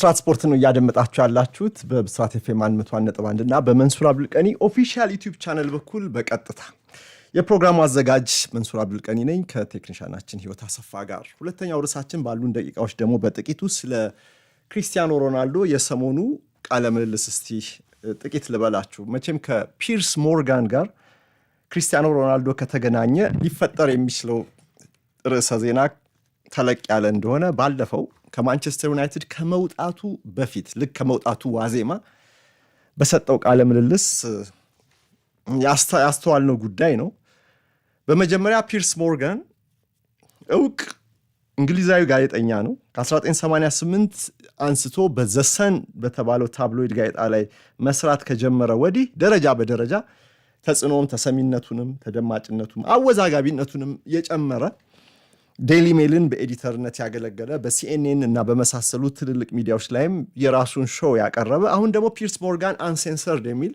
ብስራት ስፖርት ነው እያደመጣችሁ ያላችሁት። በብስራት ኤፍኤም 101.1 እና በመንሱር አብዱልቀኒ ኦፊሻል ዩቲዩብ ቻነል በኩል በቀጥታ የፕሮግራሙ አዘጋጅ መንሱር አብዱልቀኒ ነኝ ከቴክኒሻናችን ህይወት አሰፋ ጋር። ሁለተኛው ርዕሳችን ባሉን ደቂቃዎች ደግሞ በጥቂቱ ስለ ክሪስቲያኖ ሮናልዶ የሰሞኑ ቃለምልልስ ምልልስ እስቲ ጥቂት ልበላችሁ። መቼም ከፒርስ ሞርጋን ጋር ክሪስቲያኖ ሮናልዶ ከተገናኘ ሊፈጠር የሚችለው ርዕሰ ዜና ተለቅ ያለ እንደሆነ ባለፈው ከማንቸስተር ዩናይትድ ከመውጣቱ በፊት ልክ ከመውጣቱ ዋዜማ በሰጠው ቃለ ምልልስ ያስተዋልነው ጉዳይ ነው። በመጀመሪያ ፒርስ ሞርጋን እውቅ እንግሊዛዊ ጋዜጠኛ ነው። ከ1988 አንስቶ በዘሰን በተባለው ታብሎይድ ጋዜጣ ላይ መስራት ከጀመረ ወዲህ ደረጃ በደረጃ ተጽዕኖም ተሰሚነቱንም ተደማጭነቱም አወዛጋቢነቱንም የጨመረ ዴሊ ሜልን በኤዲተርነት ያገለገለ በሲኤንኤን እና በመሳሰሉ ትልልቅ ሚዲያዎች ላይም የራሱን ሾው ያቀረበ አሁን ደግሞ ፒርስ ሞርጋን አንሴንሰርድ የሚል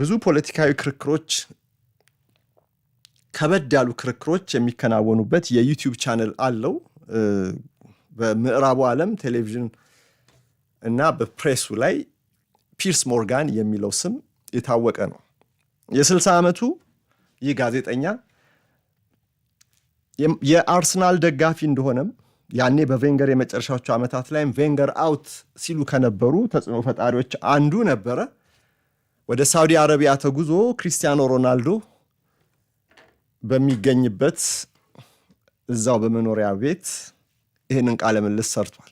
ብዙ ፖለቲካዊ ክርክሮች፣ ከበድ ያሉ ክርክሮች የሚከናወኑበት የዩቲዩብ ቻነል አለው። በምዕራቡ ዓለም ቴሌቪዥን እና በፕሬሱ ላይ ፒርስ ሞርጋን የሚለው ስም የታወቀ ነው። የስልሳ ዓመቱ ይህ ጋዜጠኛ የአርሰናል ደጋፊ እንደሆነም ያኔ በቬንገር የመጨረሻዎቹ ዓመታት ላይም ቬንገር አውት ሲሉ ከነበሩ ተጽዕኖ ፈጣሪዎች አንዱ ነበረ። ወደ ሳውዲ አረቢያ ተጉዞ ክሪስቲያኖ ሮናልዶ በሚገኝበት እዛው በመኖሪያ ቤት ይህንን ቃለ ምልስ ሰርቷል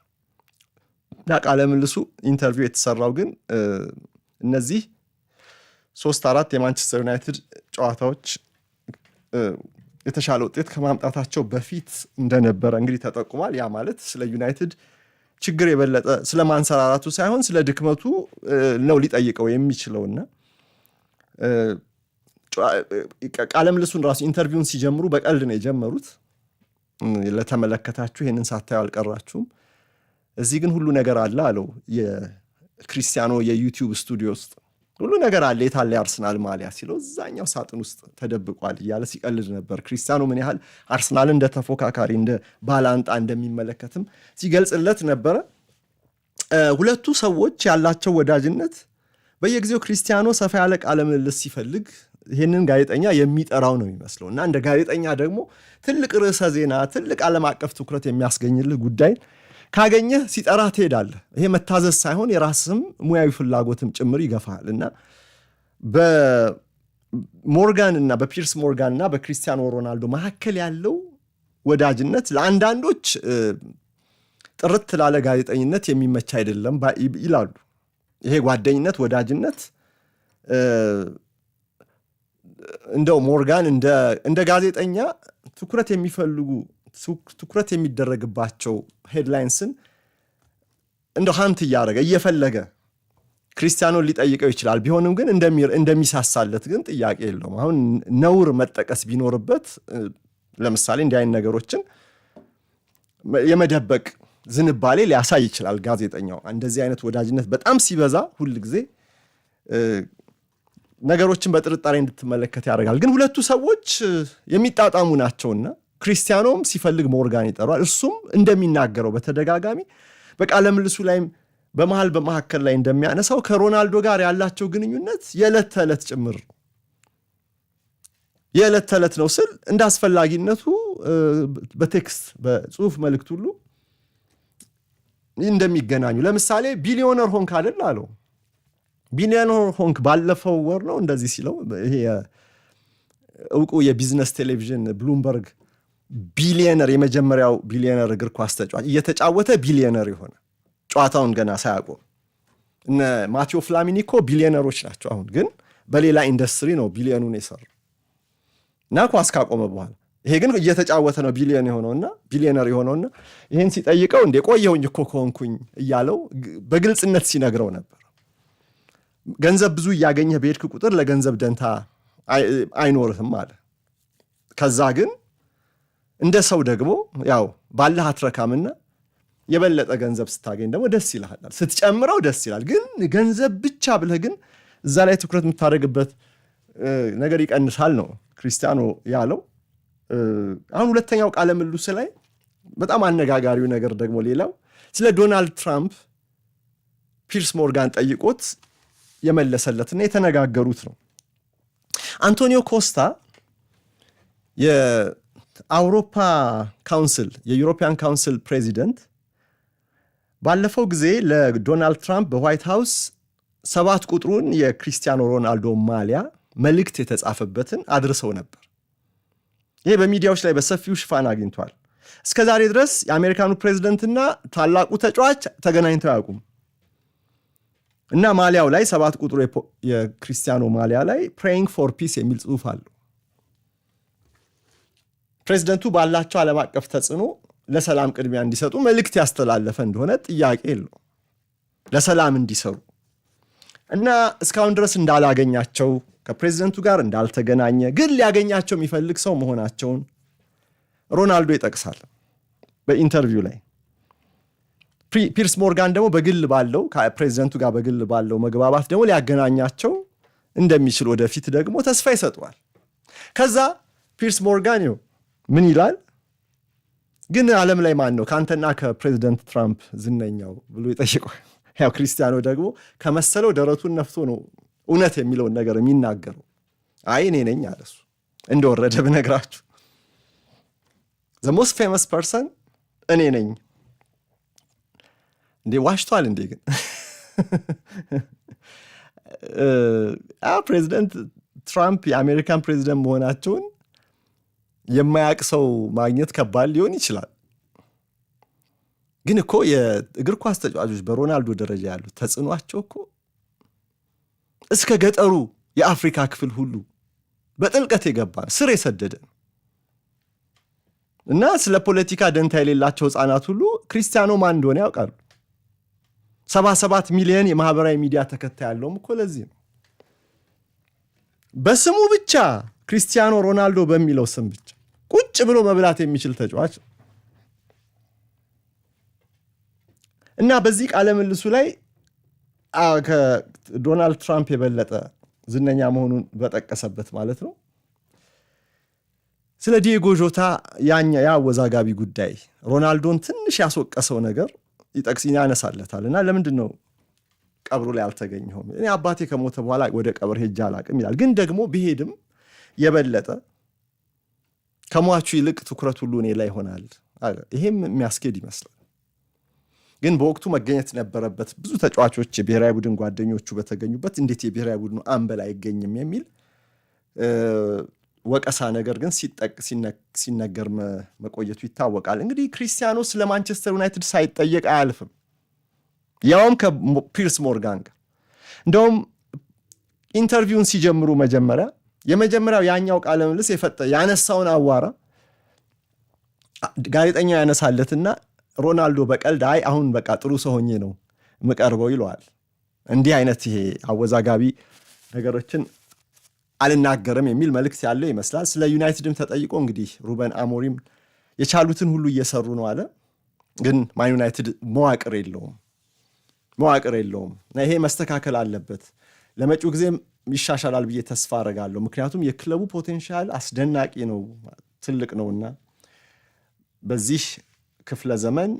እና ቃለ ምልሱ ኢንተርቪው የተሰራው ግን እነዚህ ሶስት አራት የማንቸስተር ዩናይትድ ጨዋታዎች የተሻለ ውጤት ከማምጣታቸው በፊት እንደነበረ እንግዲህ ተጠቁሟል። ያ ማለት ስለ ዩናይትድ ችግር የበለጠ ስለ ማንሰራራቱ ሳይሆን ስለ ድክመቱ ነው ሊጠይቀው የሚችለውና ቃለ ምልሱን ራሱ ኢንተርቪውን ሲጀምሩ በቀልድ ነው የጀመሩት። ለተመለከታችሁ ይህንን ሳታዩ አልቀራችሁም። እዚህ ግን ሁሉ ነገር አለ አለው። የክሪስቲያኖ የዩቲዩብ ስቱዲዮ ውስጥ ሁሉ ነገር አለ። የታለ አርሰናል ማሊያ ሲለው እዛኛው ሳጥን ውስጥ ተደብቋል እያለ ሲቀልድ ነበር። ክሪስቲያኖ ምን ያህል አርሰናል እንደ ተፎካካሪ እንደ ባላንጣ እንደሚመለከትም ሲገልጽለት ነበረ። ሁለቱ ሰዎች ያላቸው ወዳጅነት በየጊዜው ክሪስቲያኖ ሰፋ ያለ ቃለምልልስ ሲፈልግ ይህንን ጋዜጠኛ የሚጠራው ነው የሚመስለው እና እንደ ጋዜጠኛ ደግሞ ትልቅ ርዕሰ ዜና፣ ትልቅ ዓለም አቀፍ ትኩረት የሚያስገኝልህ ጉዳይ ካገኘህ ሲጠራ ትሄዳለህ። ይሄ መታዘዝ ሳይሆን የራስም ሙያዊ ፍላጎትም ጭምር ይገፋል እና በሞርጋን እና በፒርስ ሞርጋን እና በክሪስቲያኖ ሮናልዶ መካከል ያለው ወዳጅነት ለአንዳንዶች ጥርት ላለ ጋዜጠኝነት የሚመች አይደለም ይላሉ። ይሄ ጓደኝነት፣ ወዳጅነት እንደው ሞርጋን እንደ ጋዜጠኛ ትኩረት የሚፈልጉ ትኩረት የሚደረግባቸው ሄድላይንስን እንደ ሀንት እያደረገ እየፈለገ ክርስቲያኖን ሊጠይቀው ይችላል። ቢሆንም ግን እንደሚሳሳለት ግን ጥያቄ የለውም። አሁን ነውር መጠቀስ ቢኖርበት ለምሳሌ እንዲህ አይነት ነገሮችን የመደበቅ ዝንባሌ ሊያሳይ ይችላል ጋዜጠኛው። እንደዚህ አይነት ወዳጅነት በጣም ሲበዛ ሁል ጊዜ ነገሮችን በጥርጣሬ እንድትመለከት ያደርጋል። ግን ሁለቱ ሰዎች የሚጣጣሙ ናቸውና ክርስቲያኖም ሲፈልግ ሞርጋን ይጠሯል። እሱም እንደሚናገረው በተደጋጋሚ በቃለ ምልሱ ላይም በመሃል በመካከል ላይ እንደሚያነሳው ከሮናልዶ ጋር ያላቸው ግንኙነት የዕለት ተዕለት ጭምር የዕለት ተዕለት ነው ስል እንደ አስፈላጊነቱ በቴክስት በጽሁፍ መልእክት ሁሉ እንደሚገናኙ ለምሳሌ ቢሊዮነር ሆንክ አይደል አለው። ቢሊዮነር ሆንክ ባለፈው ወር ነው እንደዚህ ሲለው ይሄ እውቁ የቢዝነስ ቴሌቪዥን ብሉምበርግ ቢሊየነር የመጀመሪያው ቢሊየነር እግር ኳስ ተጫዋች እየተጫወተ ቢሊየነር የሆነ ጨዋታውን ገና ሳያቆም እነ ማቴዎ ፍላሚኒኮ ቢሊየነሮች ናቸው። አሁን ግን በሌላ ኢንዱስትሪ ነው ቢሊየኑን የሰሩ እና ኳስ ካቆመ በኋላ ይሄ ግን እየተጫወተ ነው ቢሊየን የሆነውና ቢሊየነር የሆነውና ይህን ሲጠይቀው እንደ ቆየውኝ እኮ ከሆንኩኝ እያለው በግልጽነት ሲነግረው ነበር። ገንዘብ ብዙ እያገኘህ በሄድክ ቁጥር ለገንዘብ ደንታ አይኖርህም አለ። ከዛ ግን እንደ ሰው ደግሞ ያው ባለህ አትረካምና የበለጠ ገንዘብ ስታገኝ ደግሞ ደስ ይልሃል፣ ስትጨምረው ደስ ይላል። ግን ገንዘብ ብቻ ብለህ ግን እዛ ላይ ትኩረት የምታደርግበት ነገር ይቀንሳል ነው ክርስቲያኖ ያለው። አሁን ሁለተኛው ቃለ ምልልስ ላይ በጣም አነጋጋሪው ነገር ደግሞ ሌላው ስለ ዶናልድ ትራምፕ ፒርስ ሞርጋን ጠይቆት የመለሰለትና የተነጋገሩት ነው። አንቶኒዮ ኮስታ አውሮፓ ካውንስል የዩሮፒያን ካውንስል ፕሬዚደንት ባለፈው ጊዜ ለዶናልድ ትራምፕ በዋይት ሃውስ ሰባት ቁጥሩን የክሪስቲያኖ ሮናልዶ ማሊያ መልእክት የተጻፈበትን አድርሰው ነበር። ይሄ በሚዲያዎች ላይ በሰፊው ሽፋን አግኝቷል። እስከ ዛሬ ድረስ የአሜሪካኑ ፕሬዚደንትና ታላቁ ተጫዋች ተገናኝተው አያውቁም እና ማሊያው ላይ ሰባት ቁጥሩ የክሪስቲያኖ ማሊያ ላይ ፕሬይንግ ፎር ፒስ የሚል ጽሑፍ አለው። ፕሬዚደንቱ ባላቸው ዓለም አቀፍ ተጽዕኖ ለሰላም ቅድሚያ እንዲሰጡ መልእክት ያስተላለፈ እንደሆነ ጥያቄ የለው። ለሰላም እንዲሰሩ እና እስካሁን ድረስ እንዳላገኛቸው ከፕሬዚደንቱ ጋር እንዳልተገናኘ ግን ሊያገኛቸው የሚፈልግ ሰው መሆናቸውን ሮናልዶ ይጠቅሳል በኢንተርቪው ላይ። ፒርስ ሞርጋን ደግሞ በግል ባለው ከፕሬዚደንቱ ጋር በግል ባለው መግባባት ደግሞ ሊያገናኛቸው እንደሚችል ወደፊት ደግሞ ተስፋ ይሰጠዋል። ከዛ ፒርስ ሞርጋን ምን ይላል ግን አለም ላይ ማን ነው ከአንተና ከፕሬዚደንት ትራምፕ ዝነኛው ብሎ ይጠይቋል። ያው ክርስቲያኖ ደግሞ ከመሰለው ደረቱን ነፍቶ ነው እውነት የሚለውን ነገር የሚናገረው። አይ እኔ ነኝ አለ እሱ። እንደወረደ ብነግራችሁ ሞስት ፌመስ ፐርሰን እኔ ነኝ። እንዴ ዋሽቷል እንዴ! ግን ፕሬዚደንት ትራምፕ የአሜሪካን ፕሬዚደንት መሆናቸውን የማያቅ ሰው ማግኘት ከባድ ሊሆን ይችላል። ግን እኮ የእግር ኳስ ተጫዋቾች በሮናልዶ ደረጃ ያሉት ተጽዕኗቸው እኮ እስከ ገጠሩ የአፍሪካ ክፍል ሁሉ በጥልቀት የገባ ስር የሰደደ እና ስለ ፖለቲካ ደንታ የሌላቸው ህፃናት ሁሉ ክርስቲያኖ ማን እንደሆነ ያውቃሉ። ሰባ ሰባት ሚሊዮን የማህበራዊ ሚዲያ ተከታይ ያለውም እኮ ለዚህ ነው። በስሙ ብቻ ክርስቲያኖ ሮናልዶ በሚለው ስም ብቻ ብሎ መብላት የሚችል ተጫዋች እና በዚህ ቃለ ምልሱ ላይ ከዶናልድ ትራምፕ የበለጠ ዝነኛ መሆኑን በጠቀሰበት ማለት ነው። ስለ ዲጎ ጆታ ያ ጉዳይ ሮናልዶን ትንሽ ያስወቀሰው ነገር ይጠቅስ ያነሳለታል እና ለምንድን ነው ቀብሩ ላይ አልተገኘሁም? እኔ አባቴ ከሞተ በኋላ ወደ ቀብር ሄጃ አላቅም ይላል። ግን ደግሞ ብሄድም የበለጠ ከሟቹ ይልቅ ትኩረት ሁሉ እኔ ላይ ይሆናል። ይሄም የሚያስኬድ ይመስላል። ግን በወቅቱ መገኘት ነበረበት። ብዙ ተጫዋቾች የብሔራዊ ቡድን ጓደኞቹ በተገኙበት እንዴት የብሔራዊ ቡድኑ አምበል አይገኝም የሚል ወቀሳ ነገር ግን ሲነገር መቆየቱ ይታወቃል። እንግዲህ ክሪስቲያኖ ስለ ማንቸስተር ዩናይትድ ሳይጠየቅ አያልፍም፣ ያውም ከፒርስ ሞርጋን ጋር። እንደውም ኢንተርቪውን ሲጀምሩ መጀመሪያ የመጀመሪያው ያኛው ቃለ የፈጠ ያነሳውን አዋራ ጋዜጠኛው ያነሳለትና ሮናልዶ በቀልድ አይ አሁን በቃ ጥሩ ሰው ነው ምቀርበው ይለዋል። እንዲህ አይነት ይሄ አወዛጋቢ ነገሮችን አልናገርም የሚል መልእክት ያለው ይመስላል። ስለ ዩናይትድም ተጠይቆ እንግዲህ ሩበን አሞሪም የቻሉትን ሁሉ እየሰሩ ነው አለ። ግን ማን ዩናይትድ መዋቅር የለውም መዋቅር የለውም እና ይሄ መስተካከል አለበት ለመጪው ጊዜም ይሻሻላል ብዬ ተስፋ አረጋለሁ። ምክንያቱም የክለቡ ፖቴንሻል አስደናቂ ነው፣ ትልቅ ነውና በዚህ ክፍለ ዘመን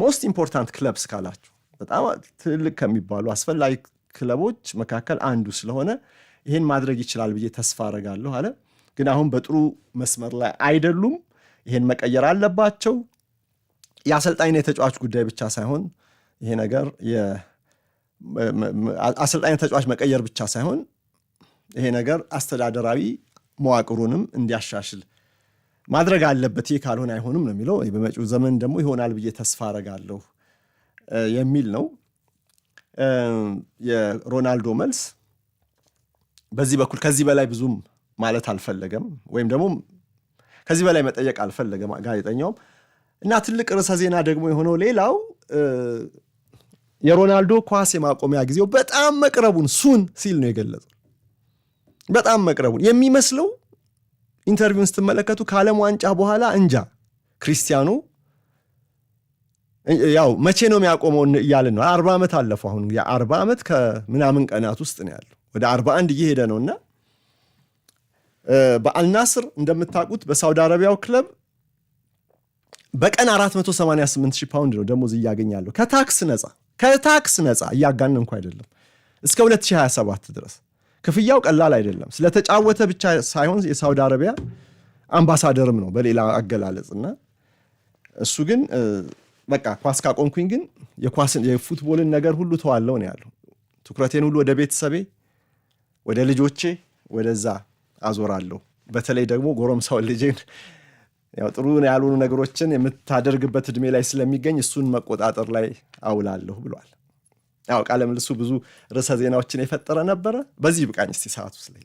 ሞስት ኢምፖርታንት ክለብስ ካላችሁ በጣም ትልቅ ከሚባሉ አስፈላጊ ክለቦች መካከል አንዱ ስለሆነ ይህን ማድረግ ይችላል ብዬ ተስፋ አረጋለሁ አለ። ግን አሁን በጥሩ መስመር ላይ አይደሉም። ይህን መቀየር አለባቸው። የአሰልጣኝና የተጫዋች ጉዳይ ብቻ ሳይሆን ይሄ ነገር አሰልጣኝ ተጫዋች መቀየር ብቻ ሳይሆን ይሄ ነገር አስተዳደራዊ መዋቅሩንም እንዲያሻሽል ማድረግ አለበት። ይህ ካልሆነ አይሆንም ነው የሚለው። በመጪው ዘመን ደግሞ ይሆናል ብዬ ተስፋ አረጋለሁ የሚል ነው የሮናልዶ መልስ። በዚህ በኩል ከዚህ በላይ ብዙም ማለት አልፈለገም፣ ወይም ደግሞ ከዚህ በላይ መጠየቅ አልፈለገም ጋዜጠኛውም እና ትልቅ ርዕሰ ዜና ደግሞ የሆነው ሌላው የሮናልዶ ኳስ የማቆሚያ ጊዜው በጣም መቅረቡን ሱን ሲል ነው የገለጸው። በጣም መቅረቡን የሚመስለው ኢንተርቪውን ስትመለከቱ ከዓለም ዋንጫ በኋላ እንጃ ክርስቲያኖ ያው መቼ ነው የሚያቆመው እያልን ነው። አርባ ዓመት አለፈው። አሁን የአርባ ዓመት ከምናምን ቀናት ውስጥ ነው ያለው። ወደ አርባ አንድ እየሄደ ነው እና በአልናስር እንደምታውቁት በሳውዲ አረቢያው ክለብ በቀን 488 ፓውንድ ነው ደሞዝ እያገኛለሁ ከታክስ ነፃ ከታክስ ነፃ እያጋነንኩ አይደለም። እስከ 2027 ድረስ ክፍያው ቀላል አይደለም። ስለተጫወተ ብቻ ሳይሆን የሳውዲ አረቢያ አምባሳደርም ነው በሌላ አገላለጽ እና እሱ ግን በቃ ኳስ ካቆንኩኝ ግን የፉትቦልን ነገር ሁሉ ተዋለው ነው ያለው። ትኩረቴን ሁሉ ወደ ቤተሰቤ፣ ወደ ልጆቼ፣ ወደዛ አዞራለሁ። በተለይ ደግሞ ጎረምሳውን ልጄን ያው ጥሩ ያልሆኑ ነገሮችን የምታደርግበት እድሜ ላይ ስለሚገኝ እሱን መቆጣጠር ላይ አውላለሁ ብሏል። ያው ቃለ ምልሱ ብዙ ርዕሰ ዜናዎችን የፈጠረ ነበረ። በዚህ ብቃኝ ሰዓቱ ስለ